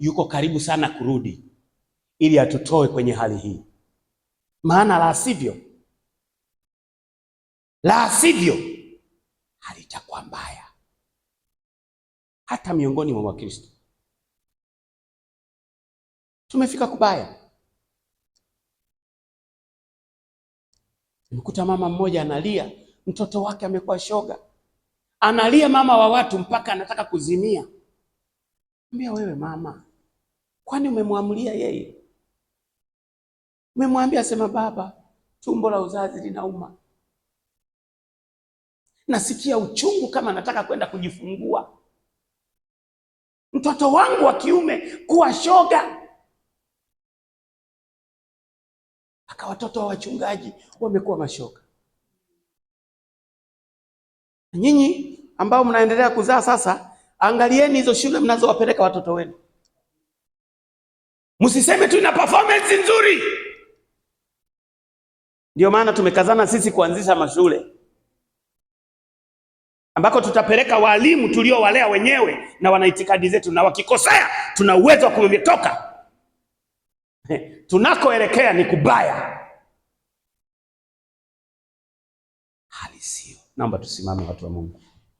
yuko karibu sana kurudi ili atutoe kwenye hali hii, maana la sivyo, la sivyo hali itakuwa mbaya hata miongoni mwa Wakristo. Tumefika kubaya. Nimekuta mama mmoja analia, mtoto wake amekuwa shoga, analia mama wa watu mpaka anataka kuzimia. Mbia wewe mama, kwani umemwamulia yeye? Umemwambia sema, baba, tumbo la uzazi linauma, nasikia uchungu kama nataka kwenda kujifungua, mtoto wangu wa kiume kuwa shoga aka watoto wa wachungaji wamekuwa mashoga. Nyinyi ambao mnaendelea kuzaa sasa Angalieni hizo shule mnazowapeleka watoto wenu, msiseme tu ina performance nzuri. Ndio maana tumekazana sisi kuanzisha mashule ambako tutapeleka walimu tuliowalea wenyewe na wana itikadi zetu, na wakikosea tuna uwezo wa kumwambia toka. Tunakoelekea ni kubaya, hali sio. Naomba tusimame, watu wa Mungu.